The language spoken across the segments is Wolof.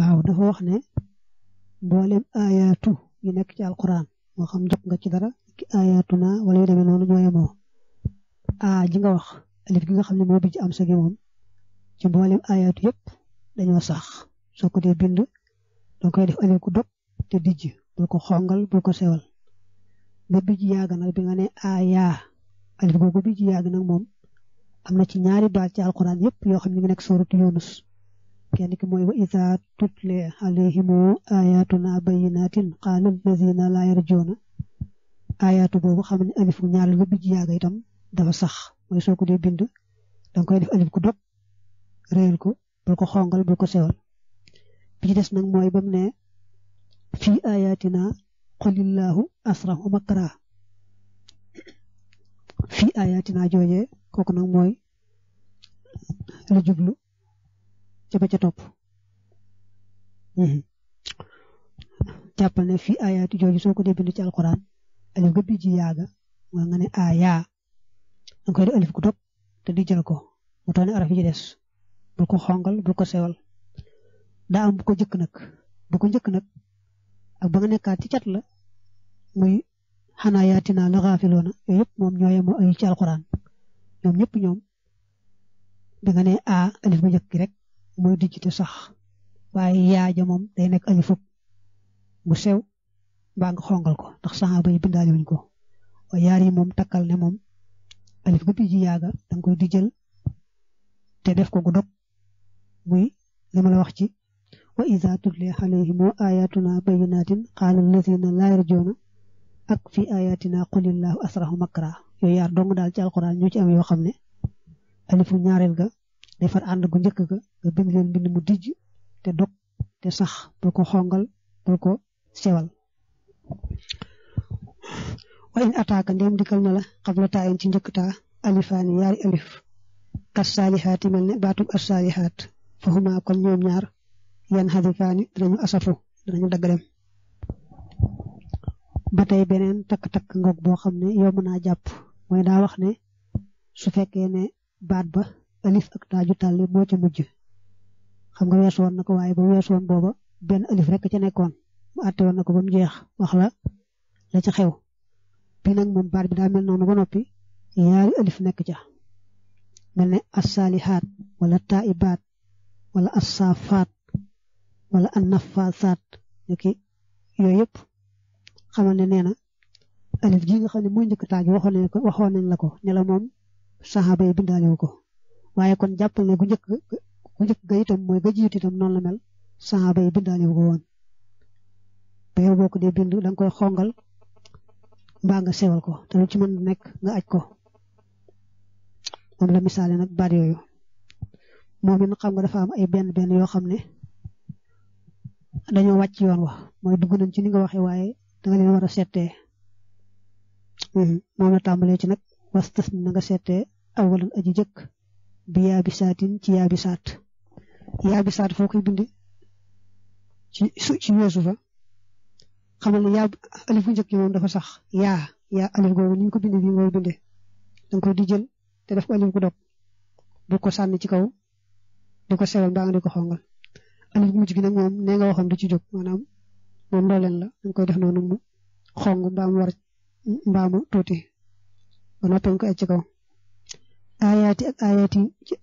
waaw dafa wax ne mboolem ayatu yu nekk ci alquran moo xam jot nga ci dara ki ayatu naa wala yu demee noonu ñoo yemoo a ji nga wax alif gi nga xam ne moo bi ci am sa gi moom ci mboolem ayatu yëpp dañoo sax soo ko dee bind doo koy def alif ku dog te dijj bul ko xongal bul ko sewal ba bi ji yàgg nag bi nga ne ayaa alif googu bi ji yàgg nag moom am na ci ñaari baat ci alquran yëpp yoo xam ne ñu ngi nekk sooratu Yunus kenn ki mooy wa isa tutle alayhimu ayatuna bayinatin qaala allazina laa yarjuuna ayaatu boobu xam ne alif ñaar la bi ci yàgg dafa sax mooy soo ko dee bind danga koy def alif ku dog réyal ko bul ko xongal bul ko sewal bi ci des nag mooy ba ne fii ayatina qulillahu asrahu makra fii ayatina jooje kooku nag mooy la ca ba ca topp hmm. jàppal ne fi ayaatu jooju soo ko dee bind ci alquran alif nga bi ji yaaga ayat nga ne aya koy alif ku dog te di jël ko mu toll araf des bul ko xongal ko sewal daa am bu ko njëkk nag bu ko njëkk nag ak ba nga ci cat la muy hanaya tina la xaafiloona yooyu mom moom mau baca ci alquran ñoom ñëpp ñoom da nga ne a alif bu kirek. rek mooy dijjite sax waaye yaaja moom day nekk alifub bu sew mbaa nga xongal ko ndax saxaaba yi bindaale wuñ ko waaye yaar yi moom takkal ne moom alif gu ji yaaga da nga koy dijjal te def ko gu dog muy li ma la wax ci wa iza tutliya alayhim ayatuna bayyinatin qala alladhina la yarjuna ak fi ayatina qulillahu asrahu makra yooyu yaar dong daal ci alquran ñoo ci am yoo xam ne alifu ñaareel ga day far ànd gu njëkk ga nga bind leen bind mu dijj te dog te sax bul ko xongal bul ko sewal wa in ataaka ndem dikal na la xabla taayin ci njëkk taa alifaani yaari alif kas saalihaati mel ne baatub as saalihaat fa huma kon ñoom ñaar yan hadifaani dinañu asafu dinañu dagg dem ba tey beneen takk-takk ngoog boo xam ne yow mën naa jàpp mooy daa wax ne su fekkee ne baat ba alif ak taaju tàlli moo ca mujj xam nga weesu woon na ko waaye ba weesu woon booba benn alif rek ca nekkoon mu àtte woon na ko ba mu jeex wax la la ca xew bi nag moom baat bi daa mel noonu ba noppi yaari alif nekk ca mel ne assaalihaat wala taibaat wala assaafaat wala annafaasaat ki yooyu yëpp xamal ne nee na alif gi nga xam ne mooy njëkk taaj waxoon nañ ko waxoon nañ la ko ne la moom saxaaba yi bindaale ko waaye kon jàppal ne gu njëkk bu njëkk ga mooy ga jiitu itam noonu la mel saxaaba yi bindaale wu ko woon te yow boo ko dee bind da koy xongal mbaa nga sewal ko te lu ci mën nekk nga aj ko moom la misaale nag baat yooyu moom it xam nga dafa am ay benn benn yoo xam ne dañoo wàcc yoon wa mooy dugg nañ ci ni nga waxee waaye danga leen war a seetee hmm. moom la tàmbalee ci nag was tas na nga seetee awalan aji jëkk bi yaabi ci yaabi yaa bi saat foo koy bindee ci su fa xamal ne yaa alif bu njëkk yi moom dafa sax yaa yaa alif googu ni ñu ko bindee bii mooy bindee da nga koy di te def ko alif ko dog bu ko sànni ci kaw di ko sewal mbaa nga ko xongal alif gu mujj gi nag moom nee nga du ci jóg moom ndooleen la da koy def noonu mu xong mbaa war mbaa tuuti ba noppi nga ko egg ci kaw aayaati ak aayaati ci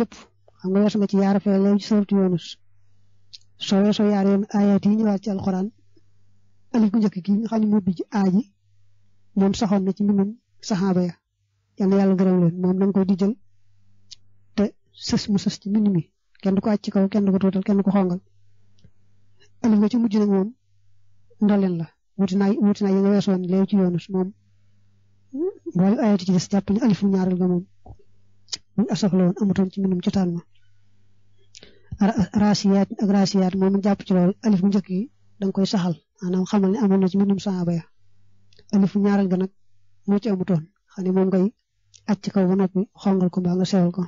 yëpp xam nga weesu na ci yaara fay léegi ci sooratu Yunus soo weesoo yaar yoon ayat yi ñëwaat ci alxuraan alif gu njëkk gi nga xam ne moo bijj aaji moom saxoon na ci mbindum saxaaba ya yal na yàlla gërëm moom dañ koy di jël te sës mu sës ci mbind kenn du ko àcc ci kaw kenn du ko tuutal kenn du ko xongal alif nga ci mujj nag moom ndoleen la wuti naa wuti naa yi nga weesoon léegi ci Yunus moom mboolem ayat yi ci des jàpp ne alif ñaareel nga moom buñ asoxla woon amatoon ci mbindum jotaan raasiyaat ak raasiyaat moom jàpp ci loolu alif bu njëkk yi da koy saxal maanaam xamal ni amoon na ci mbindum saaba ya alif bu ñaareel ba nag moo ci amutoon xam ne moom ngay ci kaw ba noppi xongal ko mbaa nga sewal ko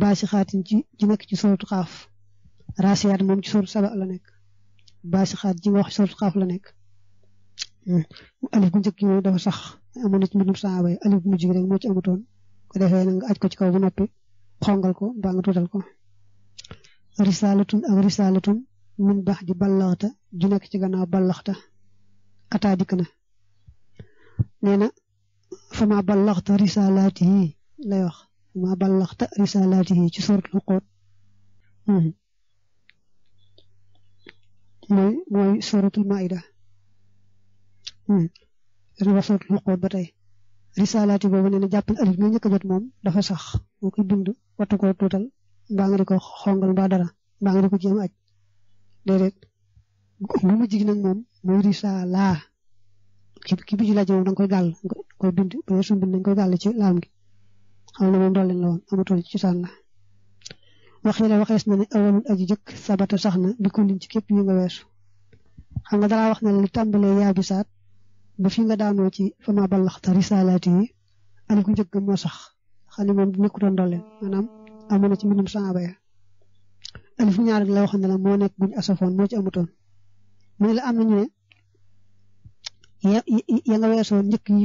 baasi xaat ci ci nekk ci sóorutu xaaf raasiyaat moom ci sóorutu saba la nekk baasi xaat ci nga wax ci sóorutu xaaf la nekk hmm. alif bu njëkk yi moom dafa sax amoon na ci mbindum saaba ya alif bu mujj gi rek ci amutoon ko defee nag nga aj ko ci kaw ba noppi xongal ko mbaa nga tuutal ko risaalatun ak risaalatun min bax di ballaxta ju nekk ci gannaaw ballaxta ataa dikk na nee na fama ballaxta risaalaati yi lay wax ballaxta risaalaati ci suratul xoot mhm. mooy mooy suratul maida mhm. dafa suratul xoot ba tey risaalaati boobu nee na jàppal alif nga jot moom dafa sax boo koy bind wattu ko tuutal mbaa ko xongal ba dara mbaa nga di ko jéem aj déedéet lu mu jig nag moom mooy risalaa ki bi ci laaj moom koy gal koy bind ko yesu bind dang koy gal ci laam gi xam na moom la amu tol ci la la na ni awam aji sabata saxna bi ko ci kep yi nga wessu xam nga dara wax na li ya bi saat ba fi nga daano ci fama ta risalati ani ko mo sax dolle manam amee na ci mbindum saaba ya alif ñaar la waxoon ne la moo nekk buñ asafoon moo ci amutoon mu ne la am nañu ne ya nga weesoo njëkk yi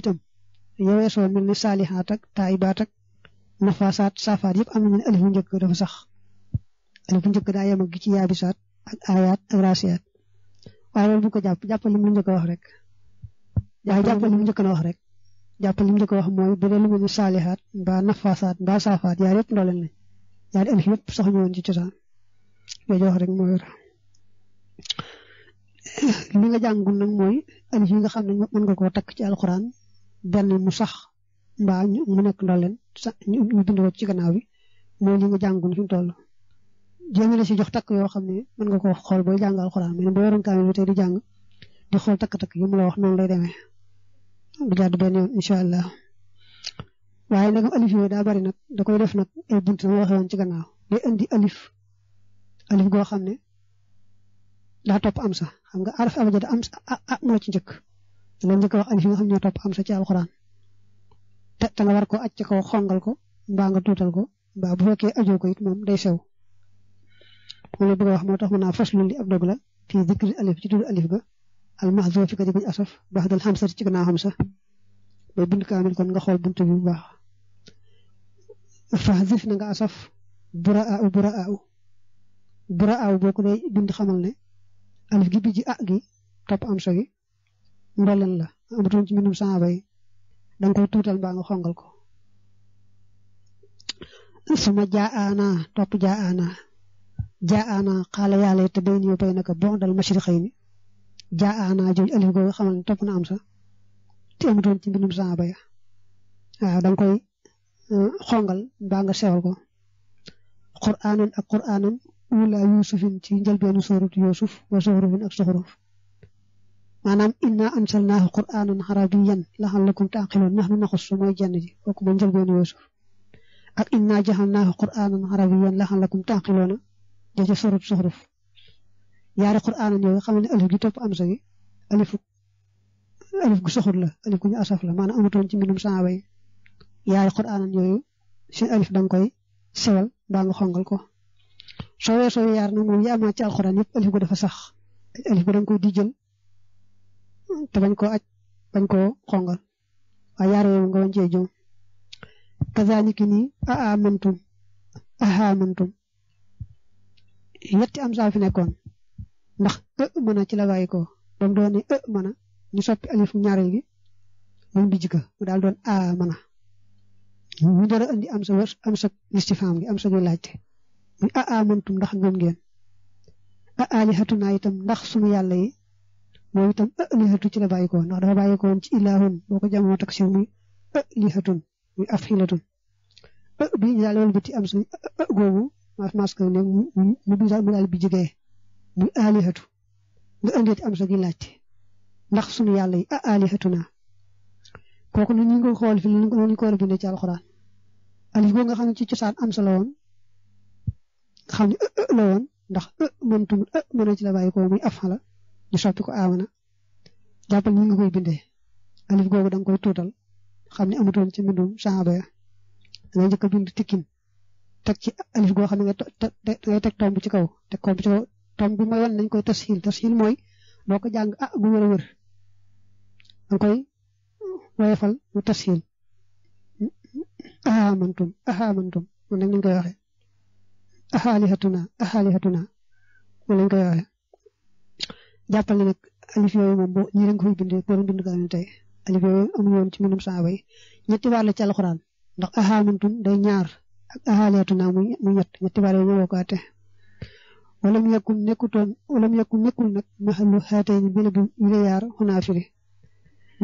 ya weesoo mel ni saalihaat ak taayibaat ak nafaasaat saafaat yëpp am nañu ne alif njëkk dafa sax alif njëkk daa yem ak gi ci yaabisaat ak aayaat ak raasiyaat waaye loolu bu ko jàpp jàppal li a wax rek. waaye jàppal li njëkk a wax rek jàppal a wax mooy bu lu mel ni saalihaat mbaa nafaasaat mbaa saafaat yaa yëpp ndooleen lañ ñaari alif xibit sax ñu won ci ciosan day jox rek mo yor li nga jàngul nag mooy alif yi nga xam ne mën nga koo takk ci alquran benn mu sax mbaa mu nekk ndoleen ñu bind ko ci gannaaw bi mooy li nga jàngul fi mu toll jéem la si jox takk yoo xam ne mën nga ko xool booy jàng alquran mais boo yoroon kaamil bi tey di jàng di xool takk-takk yu mu la wax noonu lay demee du jàdd benn yoon incha allah waaye la alif alifé daa bari nag da koy def nag ay bunt ma waxe woon ci gannaaw day indi alif alif goo xam ne daa topp am sa xam nga araf abajada am sa a moo ci njëkk la njëkk wax alif yi nga xam ñoo topp am sa ci alquran te te nga war ko acc ko xongal ko mbaa nga tuutal ko mbaa bu fekkee ajoo ko it moom day sew moom la bëgg wax moo tax mën naa faslu li ab dog la fii dikri alif ci tudd alif ga al mahzufi ka di ko asaf baxdal xamsa ci gannaaw xamsa bay bind kaamil kon nga xool bunt bi bu baax faxdif na asaf buraaw buraaw buraaw boo ko dee bind xamal ne alif gi bi ji gi topp am gi ndolen la amatoon ci mbindum saaba yi da koy tuutal mbaa nga ko suma jaa aana topp jaa aana jaa aana xaala yàlla te bay niyo bay naka bon dal mashriqay alif googu xamal ne topp na am sa te amatoon ci mbindum saaba ya koy xongal mbaa nga sewal ko qur'anan ak qur'anan wula yusufin ci njëlbeenu soorut yusuf wa soxrufin ak soxruf maanaam inna ansalnaahu qur'anan harabiyan laxallakum taaqiloon nax nu naxus su mooy jenn ji kooku ba njëlbeenu yusuf ak inna jaxalnaahu qur'anan arabiyan laxallakum taaqiloona jaja soorut soxruf yaari qur'anan yooyu xam ne alif gi topp am sa gi alifu alif gu soxut la alif gu ñu asaf la maanaam amatoon ci mbindum saaba yi yaay xuraanan yooyu seen alif da nga koy sewal mbaa nga xongal ko soo weesoo yaar nag moom yi amaat ci alxuraan yëpp alif gu dafa sax alif gu da nga koy dijjal te bañ koo aj bañ koo xongal waaye yaar yooyu nga wañ cee jëm kazaalika nii a amantum a amantum yetti am saa fi nekkoon ndax ë ci la ko ba mu doon ë mën soppi alif ñaareel gi moom dijj ka mu daal doon a mën mu dara andi am sa am sa istifhaam gi am laajte muy ah ah mantum ndax gëm ngeen ah alihatunaa itam ndax sunu yàlla yi moom itam alihatu ci la bàyyi ndax dafa bàyyi ko woon ci ilaahun boo ko muy alihatun muy afxilatun bi ñu daal wala bëti am googu mas mas ko ne daal mu daal bi jigee muy nga andi am laajte ndax sunu yàlla yi ah alihatunaa koku ñu ngi ko xol fi ñu ko ko bindé ci alquran ali go nga xamni ci ciosan am solo won xamni la won ndax mëntum mëna ci la bayiko muy afala ñu soppi ko amana jappal ñu ngi koy bindé alif gogu dang koy tutal xamni amutoon ci mbindum sahaba ya ngay jëk bind tikkin tek ci alif go xamni nga ngay tek tomb ci kaw tek ko ci kaw tomb bi moy won nañ koy tashil tashil moy boko jang ah gu wër wër dang koy wayafal mu tafsil amantum amantum moom lañ koy waxee ahalihatuna ahalihatuna moom lañ koy waxee jàppal ne nag alif yooyu moom boo ñii dañ ko fay bindee boole bind gaa ñu tey alif yooyu amuñu woon ci mënum saaba ñetti baar la ci alxuraan ndax amantum day ñaar ak ahalihatuna muy ñett ñetti baar yooyu ñoo ko àtte walam yakun bi la yaar xunaa firi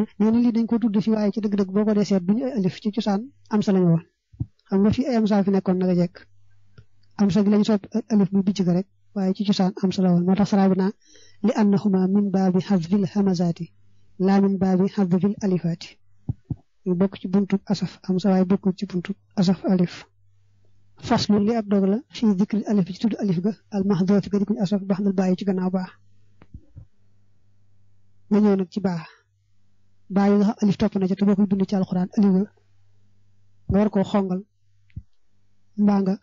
nee na lii dañ ko tudd fi waaye ci dëgg-dëgg boo ko dee seet duñu alif ci cosaan am sa lañu woon xam nga fi ay am sa fi nekkoon naka jekk am sa gi lañ sopp alif bi bicc ko rek waaye ci cosaan am sa la woon moo tax saraa bi naa li annahuma min baabi xadfil hamazaati laa min baabi xadfil alifaati yu bokk ci buntub asaf am sa waaye bokkul ci buntub asaf alif faslu li ab dog la fi dikri alif bi ci tudd alif ga al mahdooti ga dikuñ asaf baax na bàyyi ci gannaaw baax nga ñëw nag ci baax bàyyi nga alif topp na ca te boo koy bind ci alxuraan alif nga nga war koo xongal mbaa nga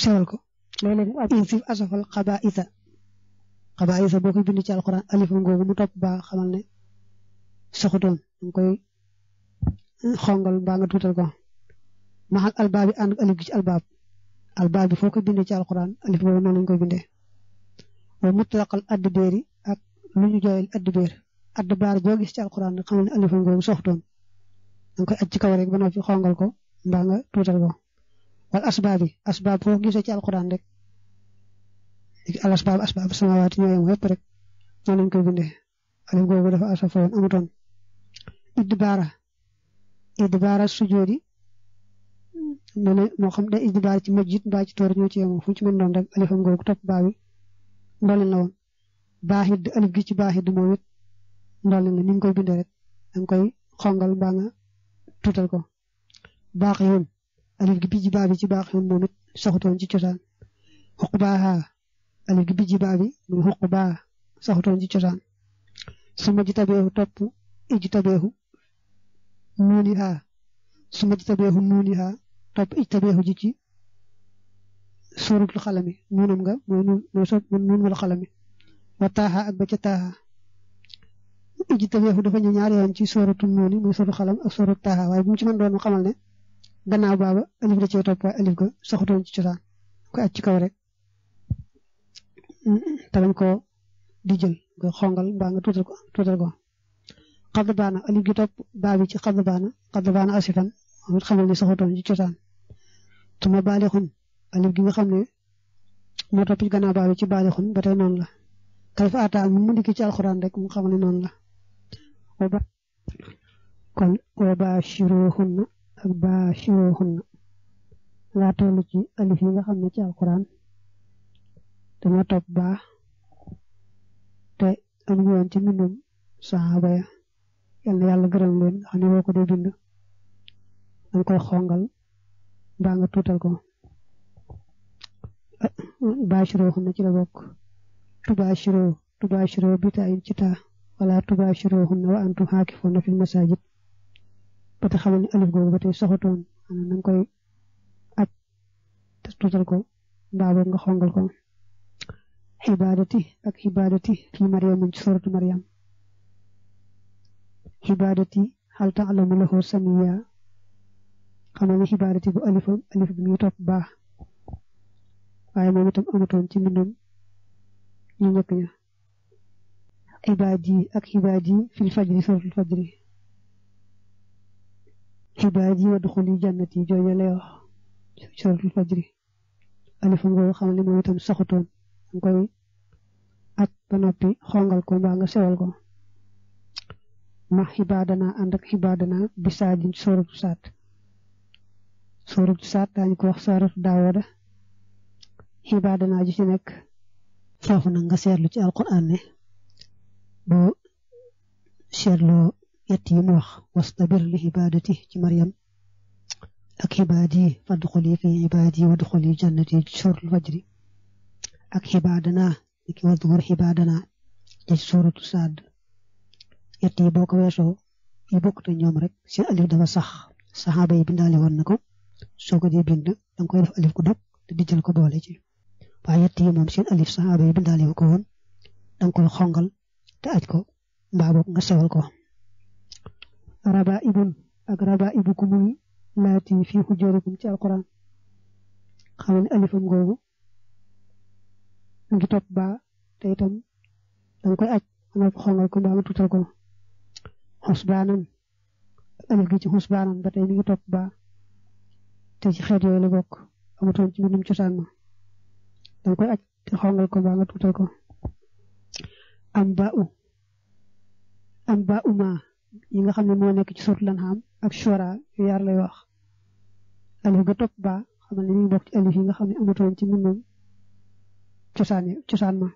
sewal ko loolu mu in sif asafal xaba isa xaba isa boo koy bind ci alxuraan alif ngoogu mu topp baa xamal ne soxutoon danga koy xongal mbaa nga tuutal ko maxal albaab bi ànd ak alif gi ci albaab albaab bi foo koy bindee ci alxuraan alif boobu noonu lañ koy bindee wa mutlaqal addibeeri ak lu ñu jooyal addibeer addabaar boo gis ci alquran nag xamal ne alif googu softoon danga koy aj ci kaw rek ba noppi xongal ko mbaa nga tuutal ko wal asbaab yi asbaab foo gisee ci alquran rek al asbaab asbaab samawaati ñoo yem rek noonu koy bindee alif googu dafa asafoon amutoon idbaara idbaara sujoodi nee na moo xam day idbaar ci majjit mbaa ci toor ñoo ci yemoo fu ci mën doon rek alifam googu topp baa bi woon baaxid alif gi ci baaxid moom ndolli la ni koy bindee rek da nga koy xongal mbaa nga ko baax yoon alif gi ci baax yoon moom it ci cosaan xuq baaxaa alif gi bijji baa bi muy xuq ci cosaan suma ji tabeexu topp iji tabeexu nuuni xaa suma ji tabeexu nuuni xaa topp iji tabeexu ji ci suuratul xalami nuunam nga mooy nuun mooy soob nuun wala xalami ak ba ca ijtaweefu dafa ñëw ñaari yoon ci sóoratu Nuuni muy sóoratu Qalam ak sóoratu Taaha waaye bu mu ci mën doon mu xamal ne gannaaw baaba alif da cee topp waaye alif ga saxutoon ci cosaan ko ci kaw rek te di jël nga xongal mbaa nga tuutal ko tuutal ko xadd baana alif gi topp baa bi ci xadd baana xadd baana asifan moom it xamal ne saxutoon ci cosaan tuma baalixun alif gi nga xam ne moo topp ci gannaaw baa bi ci baalixun ba tey noonu la kalifa ata mu mu dikki ci alxuraan rek mu xamal ne noonu la ba kon wa baashiruhunna ak baashiruhunna laa tollu ci alif yi nga xam ne ci dama topp baa te amu woon ci mbindum saxaaba ya yal na yàlla gërëm nga xam ne boo ko dee xongal mbaa nga tuutal ko baashiroo xam ne ci la bokk tubaashiroo tubaashiroo bi taayin ci wala tubaashiruhunna wa antum xaakifuuna fil masaajid ba te xamal ni alif googu ba tey soxatoon maanaam na nga koy aj te tuutal ko mbaa boog nga xongal ko xibaadati ak xibaadati fii mariam ci suratu mariam xibaadati xal taalamu lahu samiya xamal ni xibaadati bu alifam alif bi muy topp baax waaye moom itam amatoon ci mbindum ñu njëkk ña ibaadi ak ibaadi fil fajri suratul fajri ibaadi wadxuli jannati jooja lay wax suratul fajri alif ngoo xam ne saxutoon nga koy at ba noppi xongal ko mbaa nga sewal ko ma xibaadana ànd ak xibaadana bi saajin sóoratu saat sóoratu saat daañu ko wax sóoratu daawooda xibaadana ju ci nekk foofu nga seetlu ci alquran ne bo sherlo yett yi mu wax wastabir li ibadati ci mariam ak ibadi fadkhuli fi ibadi wadkhuli jannati shur al-fajr ak ibadana ki wadgur ibadana ci suratu sad yett yi boo ko yi bokk te ñom rek ci alif dafa sax sahaba yi bindale won nako soko di bind dang koy def alif ko dog te jël ko boole ci waaye yett yi moom alif sahaba yi bindale ko won dang koy xongal te aj ko mbaa boog nga sewal ko raba ibun ak raba ibu ku laati fii xujjarikum ci alquran xam ne alifam googu mu ngi topp baa te itam danga koy aj nga xongal ko mbaa nga tuutal ko xusbaanan alif gi ci xusbaanan ba tey mi ngi topp te ci xeet yooyu la bokk amutoon ci mbindum cosaan ma danga koy aj te xongal ko mbaa nga tuutal ko amba'u amba'u ma yi nga xam ne moo nekk ci suratul an'am ak shura yaar lay wax alif ga topp ba xamal ne mi ngi bokk ci alif yi nga xam ne amatoon ci mën moom cosaan cosaan ma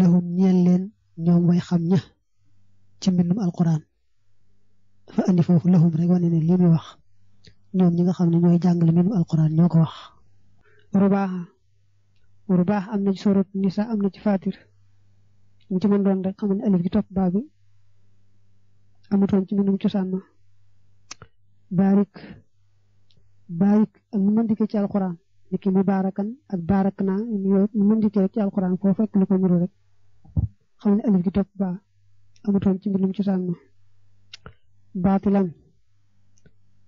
lahum ñeel leen ñoom way xam ña ci mbindum alquran dafa andi foofu lahum rek wane ne lii muy wax ñoom ñi nga xam ne ñooy jàngale mbindum alquran ñoo ko wax rubaaxa bu baax am na ci sorot nisa am na ci fatir ñu ci mën doon rek xam ne alif gi topp baa bi amutoon ci mbindum cosaan ma baarik baarik ak nu mën dikkee ci alxuraan niki mubaarakan ak naa yooyu nu mën dikkee ci alxuraan foo fekk lu ko nuru rek xam ne alif gi topp baa amutoon ci mbindum cosaan ma baatilan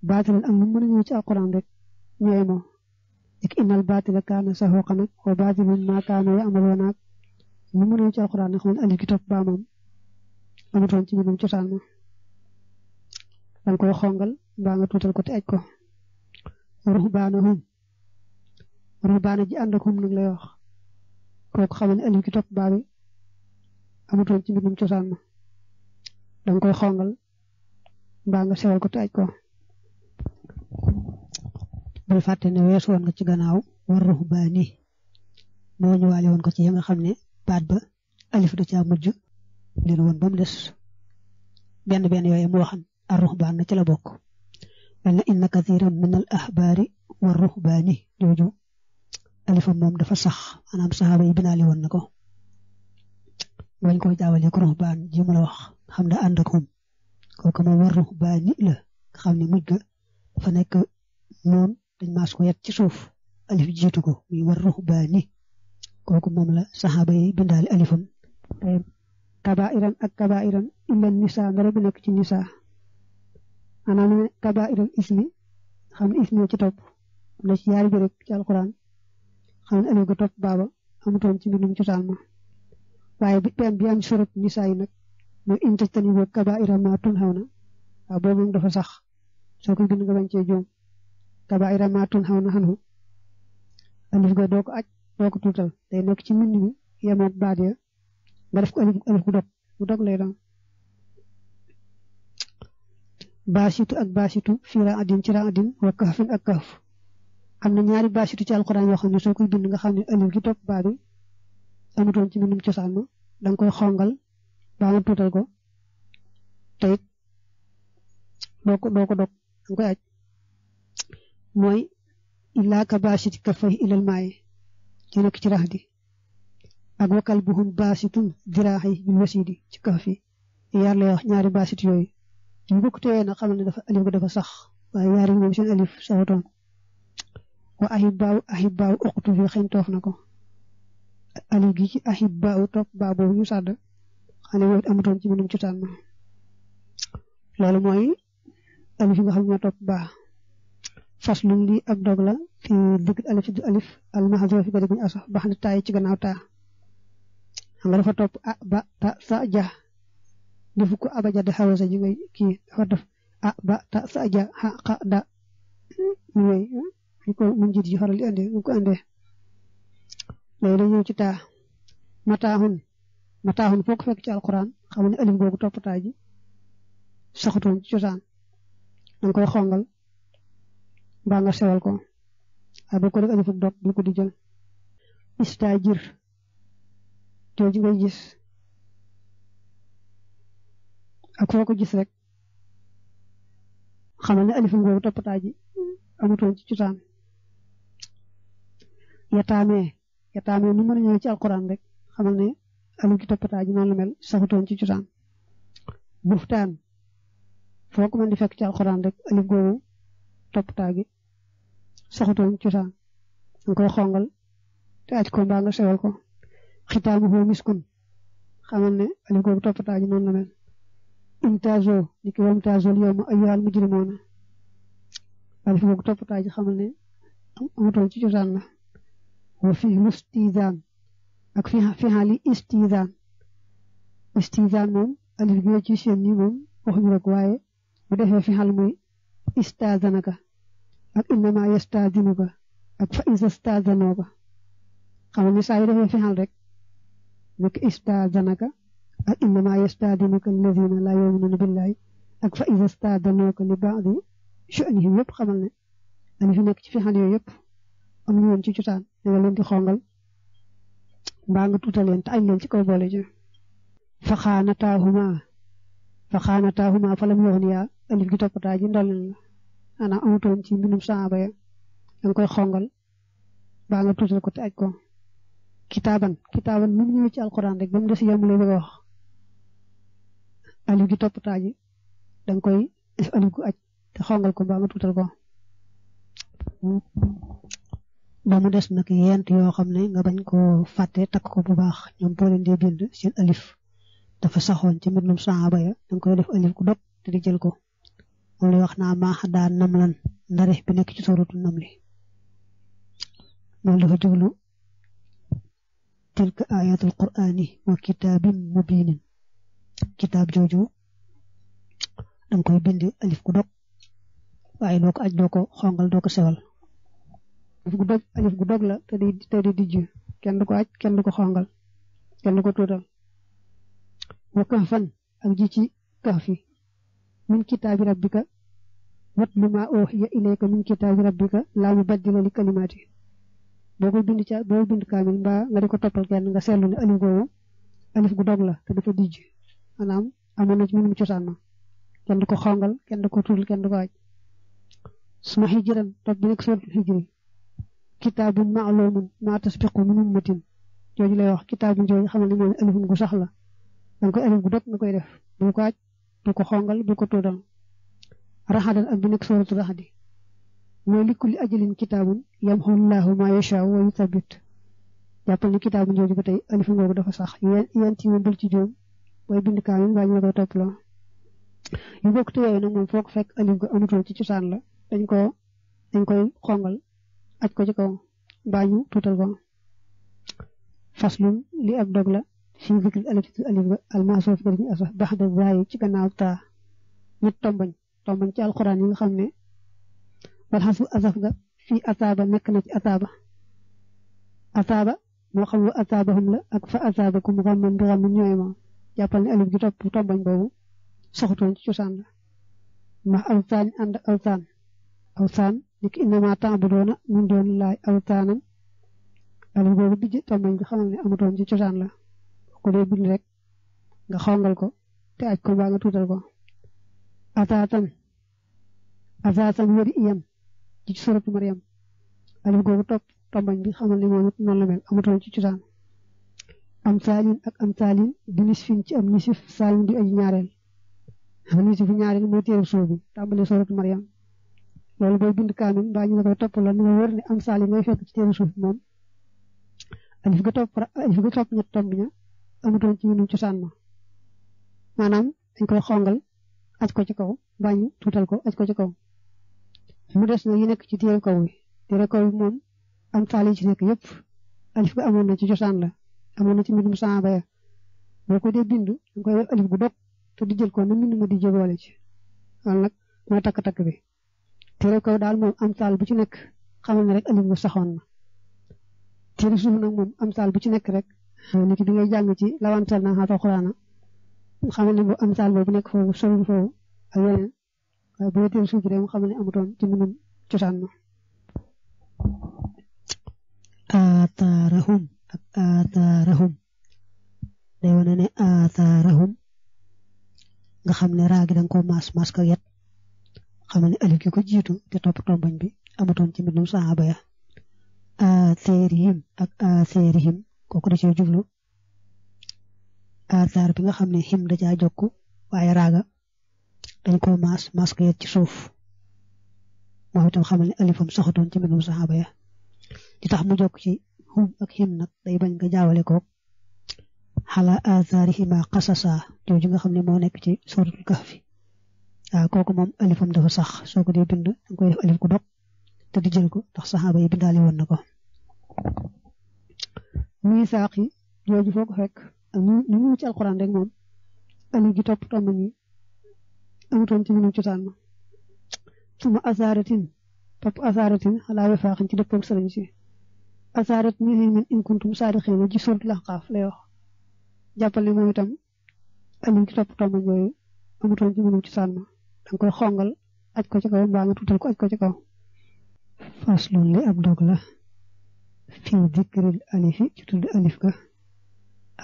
baatilan ak nu mën a ñëw ci rek ñooy moo dik innal baatila kaana saxooqa nag wa baatilun maa kaanu ya'maluuna naag mu mu ne ci alxuraan nag moom alif gi topp baa moom cosaan ma danga koy xongal mbaa nga tuutal ko te aj ko ruhbaanahum ruhbaana ji ànd ak hum nag lay wax kooku xam ne alif gi topp baa bi amutoon ci cosaan ma danga koy xongal mbaa nga sewal ko te aj ko bul fàtte ne weesu woon nga ci gannaaw war ruhbaani moo ñu waale woon ko ci ya nga xam ne baat ba alif da caa mujj leen woon ba mu des benn benn yooyu mu waxan ar ruhbaan na ci la bokk mel na inna kathiran min al ahbaari war ruhbaani jooju alifam moom dafa sax maanaam saxaaba yi binaale woon na ko wañ ko jaawale ko ruhbaan ji mu wax xam da ànd ak moom kooku moom war ruhbaani la xam ne mujj ga dafa nekk noonu dañ mas ko yat ci suuf alif jitu ko muy war ruhbani koku mom la sahaba yi bindal alifam eh, kabairan ak kabairan illa nisa ngara bu nek ci nisa ana ne kabairan ismi xam ismi ci top na ci yar bi rek ci alquran xam alif ga top baba amutoon ci mbindum ci salma waye bi pem bi am surat nisa yi nak mo inta tani wo kabaira ma tun hawna bobu dafa sax ko gën nga bañ jom kabaira ma tunhawna anhu alif ga doo ko aj tuutal day nekk ci mbind mi yemoog ya nga def ko alif alif gu dog gu lay doon baasitu ak baasitu fii raa ci raa ñaari baasitu yoo xam ne soo koy bind nga xam ne alif gi topp baat bi amutoon ci mbindum cosaan ma danga koy xongal baa nga tuutal ko te it doo ko doo koy aj mooy illaa ka baasiti kaffay ilal maayi ci nekk ci rax di ak wakal buhum baasitun diraaxi bil wasiidi ci kaf fi yaar lay wax ñaari baasit yooyu ñu bokk teyee na xamal ne dafa alif ga dafa sax waaye yaari ñoom seen alif saxutoon wa ahibaaw ahibaaw uqtu fi xeñ toof na ko alif gi ci ahibaaw topp baa boobu ñu sàdd xale yooyu ci mënum ci tànn loolu mooy alif yi nga xam ne ñoo topp faslun li ak dog la fi alif du alif al mahdhuf fi badign asah bahna tay ci gannaaw ta xam nga dafa top a ba ta sa ja defu ko abaja da hawasa ji ngay ki dafa def a ba ta sa ha qa da ngay ko mun jidi xaral di ande ko ande lay la ñew ci ta matahun matahun foko fek ci alquran xamni alif gogu top ta ji saxatu ci ciosan dang koy xongal ba nga sewal ko waaye boo ko def ajëfak dok bu ko di jël istajir jooju ngay gis ak foo ko gis rek xamal ni alif googu topata ji amutoon ci cosaan yataamee yataamee nu mën a ñëwee ci alquran rek xamal ni alif ki topata ji non la mel saxutoon ci cosaan buftan foo ko di fek ci alquran rek alif googu toppatoo gi saxutoon cosaan nga koy xongal te aj ko mbaa nga sewal ko xitaabu foo miskun xamal ne alif googu toppatoo gi noonu la mel imtaazo ni ki wamtaazol yawma ayyuhal mujrimoona alif googu toppatoo gi xamal ne amutoon ci cosaan la wa fi lustizaan ak fi fi xaali istizaan istizaan moom alif gi ci seen ni moom waxuñu rek waaye bu defee fi xal muy استاذنك انما يستاذنك اك فاذا استاذنك قال مشاعر في حال رك لك استاذنك انما يستاذنك الذين لا يؤمنون بالله اك فاذا استاذنك لبعض شانهم يبقى ملنا ان هناك في حال يب ام يون تي جوتان دا لين دي خونغال باغ توتالين تاج لين سي فخانتاهما فخانتاهما فلم يغنيا alif gi top daa ji ndol ana amutoon ci mbinum saaba ya dang koy xongal ba nga tutal ko te aj ko kitaaban kitaaban mu ñu ci alquran rek bam dess yam lay bëgg wax alif gi top taaji dang koy def alif gu aj te xongal ko ba nga tutal ko ba mu dess nak yent yo xamne nga bañ ko fàtte tak ko bu baax ñom bo leen bind seen alif dafa saxoon ci mbindum saaba ya dang koy def alif gu dopp te di jël ko wala wax na ma nam namlan ndare bi nek ci suuratu namli loolu dafa jublu tilka ayatul qur'ani wa kitabim mubin kitab joju dang koy bind alif ku dok waye doo aj xongal doko sewal alif ku dok alif ku dok la te di te di dijj kenn duko ko aj kenn duko ko xongal kenn duko ko wa kafan ak ji ci kafi min kitaabi rabbika watlu oh ya ilayka min kitaabi rabbika laa yubaddila li kalimaati boo koy bind ca boo bind kaamil mbaa nga di ko toppal nga seetlu ne alif googu alif gu dog la te dafa dijj maanaam amoon na ci mënum cosaan ma kenn du ko xongal kenn du ko tuul kenn du ko waaj suma hijiran topp bi nekk suratul hijri kitaabun ma'lumun ma tasbiqu min ummatin jooju wax xamal gu alif gu dog def bu ko du ko xongal du ko tudal rahadan ak bu nek suratul rahadi wa li kulli ajalin kitabun yamhu llahu ma yasha wa yuthabbit jappal ni kitabun joju ba batay alif ngobu dafa sax yanti mo bul ci joom way bind ka ñu ko top la yu bokku yoy nak mom fokk fek alif go amutul ci ciosan la dañ ko dañ koy xongal aj ko ci ko bañu tutal ko faslum li ak dogla fi zikri alif alif almasuf bi afa baxda zaay ci gannaaw taa ñu tombañ tombañ ci alquran yi nga xam ne wal xasu asaf ga fi ataaba nekk na ci ataaba ataaba moo xam wa ataabahum la ak fa ataabakum xamman bi xam ñooy ma jàppal ne alif gi topp tombañ boobu soxutoon ci cosaan la ndax awtaan ànd awtaan awtaan niki innama taabudoona min doon laay awtaanan alif boobu dijj tombañ bi xamal ne amutoon ci cosaan la ko dee rek nga xongal ko te aj ko nga tuutal ko ataatam ataatam wari iyam ci suratu Maryam alif googu topp tombañ bi xamal ne moom it noonu la mel amatoon ci cosaan am taalin ak am taalin di nisfin ci am nisif saalin di aji ñaareel am nisifu ñaareel mooy téereb suuf bi tàmbalee suratu Maryam loolu booy bind kaamil mbaa ñu la koy ni nga wër am saalin ngay fekk ci téereb suuf bi moom alif ga topp alif ga topp ñett tomb ña amutoon ci ñu cosaan ma manam dañ koy xongal aj ko ci kaw bañu tutal ko aj ko ci kaw mu dess na yi nek ci téere kaw wi téere kaw wi moom am faal ci nek yépp alif ga amoon na ci cosaan la amoon na ci mbindum ba ya boo ko bind dañ koy alif bu dok te di jël ko na mbind di jëgolé ci loolu nak mo tak tak bi téere kaw dal mom am faal bu ci nek xamal rek alif nga saxon na téere suuf nak mom am faal bu ci nek rek nit ki bi ngay jàng ci lawantal na xaatu xuraana xamal ne bu amsaal boobu nekk foofu solul foofu ak yeneen waaye bu weteer suuf rek mu xamal ne amutoon ci mbindum cosaan ma aataarahum ak aataarahum day wane ne aataarahum nga xam ne raagi danga ko maas maas ko yet xamal ne alif gi ko jiitu te topp tombañ bi amutoon ci mbindum saxaaba ya aateerihim ak aateerihim kooku da cee jublu asaar bi nga xam ne him da caa jokk waaye raaga dañ ko maas maas ko yet ci suuf moom itam xamal ne alifam soxatoon ci mbindum saxaaba ya di tax mu jokk ci hum ak him nag day bañ nga jaawale ko xala asaarihima xasasa jooju nga xam ne moo nekk ci suratul kahfi waaw kooku moom alifam dafa sax soo ko dee bind danga koy def alif ku dog te jël ko ndax saxaaba yi bindaale woon na ko misaaq yi jooju foo ko fekk ñu mu ci alxuraan rek moom ali gi topp tomb ñi amutoon ci mbirum cosaan ma suma asaaratin topp asaaratin xalaa wefaaxin ci dëppoog sëriñ si asaarat ñu fi min in kuntum saadixiina ci surat laxaaf lay wax jàppal ne moom itam ali gi topp tomb yooyu amutoon ci mbirum cosaan ma danga koy xongal aj ko ci kaw mbaa nga tuutal ko aj ko ci kaw fas loolu ab dog la fi dikril alifi ci tudd alif ga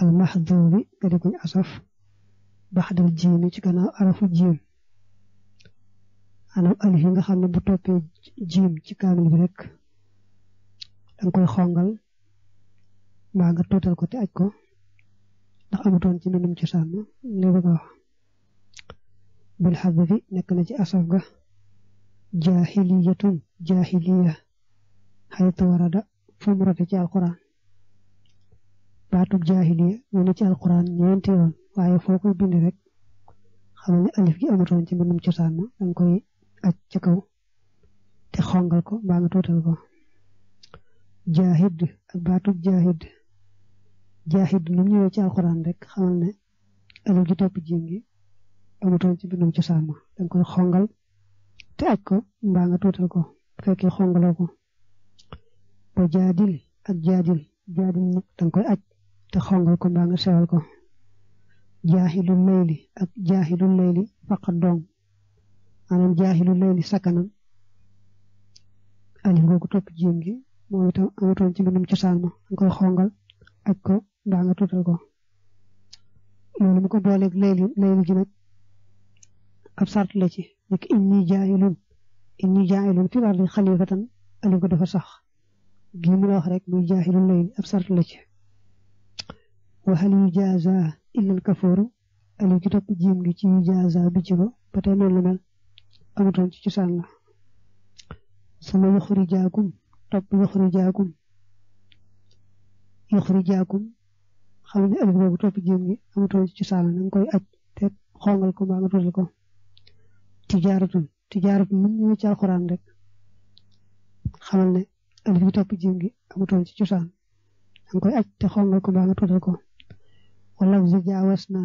al mahdubi nga di asaf baxdal jiimi ci gannaaw arafu jiim anam alif yi nga xam ne bu ci kaamil bi rek danga koy xongal ma nga tuutal ko te aj ko ndax amutoon ci mbindum cosaan li bëgg a wax bul xaddi fi nekk ci asaf ga jaahiliyatun jaahiliya xaytu warada fu mu rote ci alquran baatub jaahiliya mu ne ci alquran ñeenti yoon waaye foo koy bind koy aj ca kaw te ko mbaa nga ko jaahid ak baatub jaahid jaahid nu mu ñëwee ci alquran rek xamal ne alif gi topp jiim gi amatoon ci mbindum cosaan ma danga koy xongal te aj ko mbaa nga tuutal ko bu fekkee ko wa jaadil ak jaadil jaadil nag koy aj te xongal ko mbaa nga ko jaahilul layli ak jaahilul layli faqa doom maanaam jaahilul layli sakkanam alif googu topp jiim gi moom itam ci mbindum cosaan ma danga koy xongal aj ko mbaa tuutal ko loolu mu ko booleeg layli layli ji nag ab sart la ci nekk inni jaahilun inni jaahilun fi lardi xalifatan alif ko dafa sax gi mu wax rek muy jaaxilu layn ab sart la ci waxal yu jaaza illal kafooru aliou ci topp jiim gi ci yu jaaza bi ci ko ba tey noonu la mel amutoon ci cosaan la sama yuxuri jaakum topp yuxuri jaakum yuxuri jaakum xam ne alif boobu topp jiim gi amutoon ci cosaan la nga koy aj te xongal ko mbaa nga tuddal ko tijaaratun tijaaratun mën ñu ci alxuraan rek xamal ne ak bi topp jiw gi amutoon ci cosaan danga koy aj te xongal ko mbaa nga tuddal ko wala bu jaawas na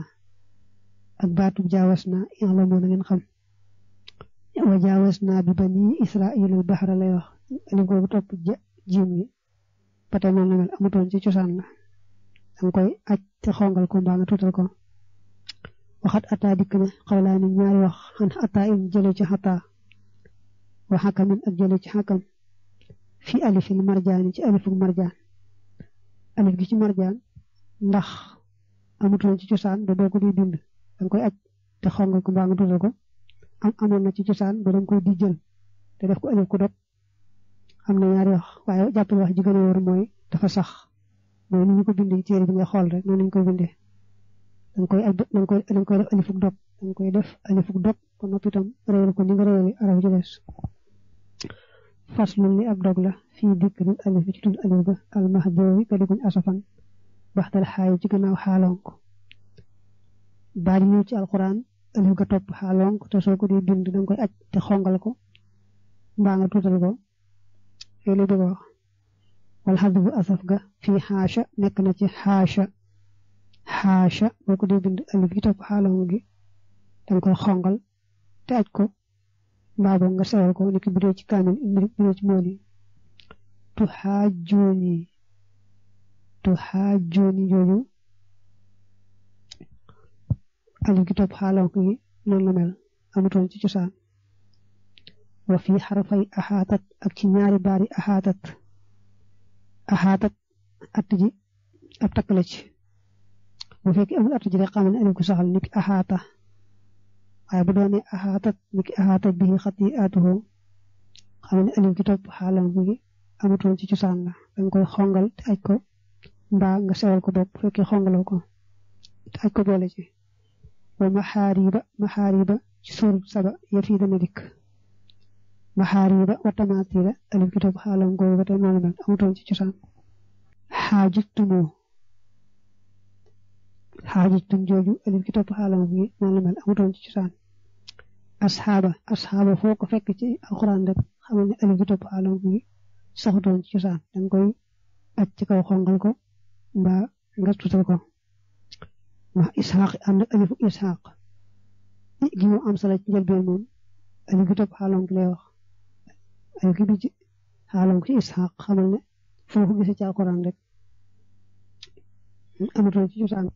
ak baatu jaawas na yàlla la moon a ngeen xam wa jaawas na bi bani israil al bahra lay wax alif googu topp jiw gi ba tey noonu amutoon ci cosaan la danga koy aj te xongal ko mbaa nga tuddal ko waxat ataa dikk na xawlaani ñaari wax xan ataa im jële ci ataa wa xakamin ak jële ci xakam fi alifil marjaani ci alifuk marjaan alif gi ci marjaan ndax amutoon ci cosaan da doo ko di bind da nga koy aj te xongal ko mbaa nga tuutal ko am amoon na ci cosaan da nga koy di jël te def ko alif ku dog am na ñaar wax waaye jàppal wax ji gën a wóor mooy dafa sax mooy ni ñu ko bindee téere bi nga xool rek noonu ñu koy bindee da nga da nga koy da nga koy def alifuk dog da nga koy def alifuk dog ba noppi itam réewal ko ni nga réewale فصل لي اب دوغلا في ذكر الالف تل الوبا المهدوي كلكن اسفان بعد الحاي تي غناو حالونك بعد نيو تي القران الوغا توب حالونك تسوكو دي دند دنجكاي اج تي خونغالكو باغا توتالكو يلي دوغا والحدو اسفغا في حاشا نكنا تي حاشا حاشا بوكو دي دند الوغي توب حالونغي دنجكاي خونغال تاجكو mbaa boog nga sewal ko ni ki bu dee ci kaamil bu dee ci mooni tu xaajooni tu alif gi topp xaalaw ko gi noonu la mel amutoon ci cosaan wa fi xarafay ak ci ñaari baari axaatat axaatat at ji ab takk amul at ji rek alif gu saxal niki axaata waaye bu doone axaatat ni ki axaatat bi xati'atuhu xam ne alim ki topp xaalam ci cosaan la dañ koy xongal te aj ko mbaa nga sewal ko bopp bu fekkee xongaloo ko te aj ko boole ci wa maxaariba maxaariba ci suur saba yëf yi dana dikk maxaariba wa alim ki topp xaalam googu ba tey ci cosaan asxaaba asxaaba foo ko fekk ci alxuraan rek xamal ne alif bi topp alam bi sax doon ci cosaan da nga koy aj ci kaw xongal ko mbaa nga tutal ko ndax isxaq am na alifu isxaq gi mu am sala ci njëlbeen moom alif bi topp alam bi lay wax alif bi ci alam ci isxaq xamal ne foo ko gisee ci alxuraan rek amatul ci cosaan